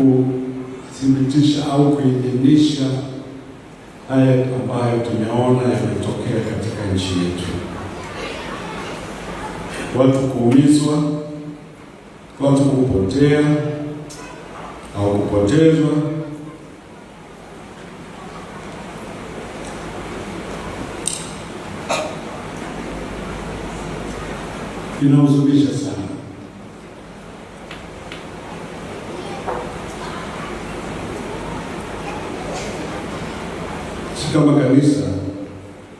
kuthibitisha au kuidhinisha haya ambayo tumeona yametokea katika nchi yetu, watu kuumizwa, watu kupotea au kupotezwa. Inahuzunisha sana. sisi kama kanisa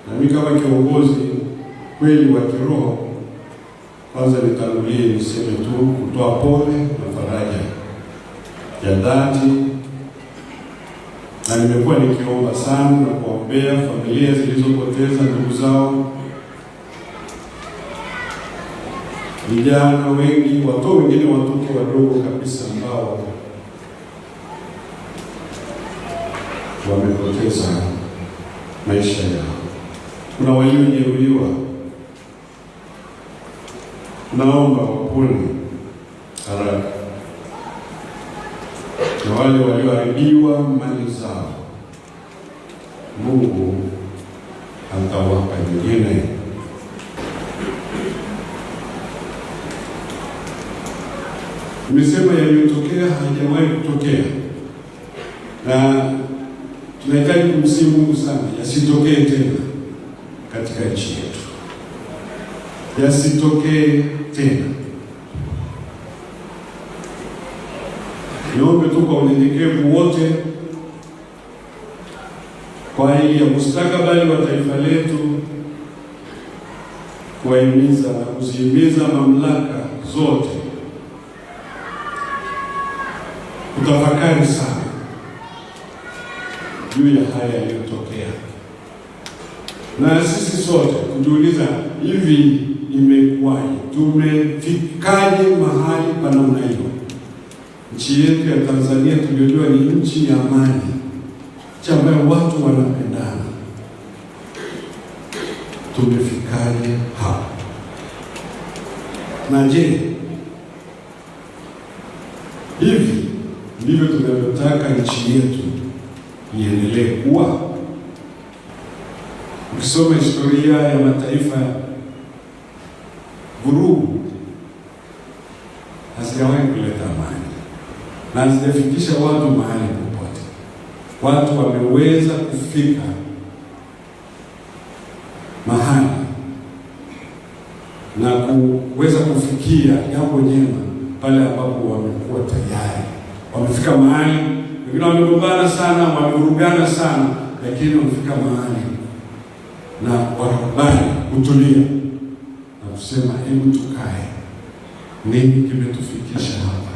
na mimi kama kiongozi kweli wa kiroho, kwanza nitangulie niseme tu kutoa pole na faraja ya dhati, na nimekuwa nikiomba sana na kuombea familia zilizopoteza ndugu zao, vijana wengi, watoto wengine, watoto wadogo kabisa ambao wamepoteza maisha yao. Kuna waliojeruhiwa, naomba wapone haraka, na wale walioharibiwa mali zao, Mungu atawapa nyingine. Misema yaliyotokea haijawahi kutokea na tunahitaji kumsihi Mungu sana yasitokee tena katika nchi yetu, yasitokee tena. Niombe tu kwa unyenyekevu wote kwa ajili ya mustakabali wa taifa letu, kuwahimiza na kuzihimiza mamlaka zote kutafakari sana juu ya haya yaliyotokea, na sisi sote kujiuliza, hivi imekuwaje? Tumefikaje mahali pa namna hiyo? Nchi yetu ya Tanzania tuliojua ni nchi ya amani, nchi ambayo watu wanapendana, tumefikaje hapa? Na je, hivi ndivyo tunavyotaka nchi yetu iendelee kuwa. Ukisoma historia ya mataifa vurugu hazijawahi kuleta amani na hazijafikisha watu mahali popote. Watu wameweza kufika mahali na kuweza kufikia jambo jema pale ambapo wamekuwa tayari wamefika mahali wengine wamegombana sana, wamevurugana sana, lakini wamefika mahali na wakubali kutulia na kusema, hebu tukae, nini kimetufikisha hapa?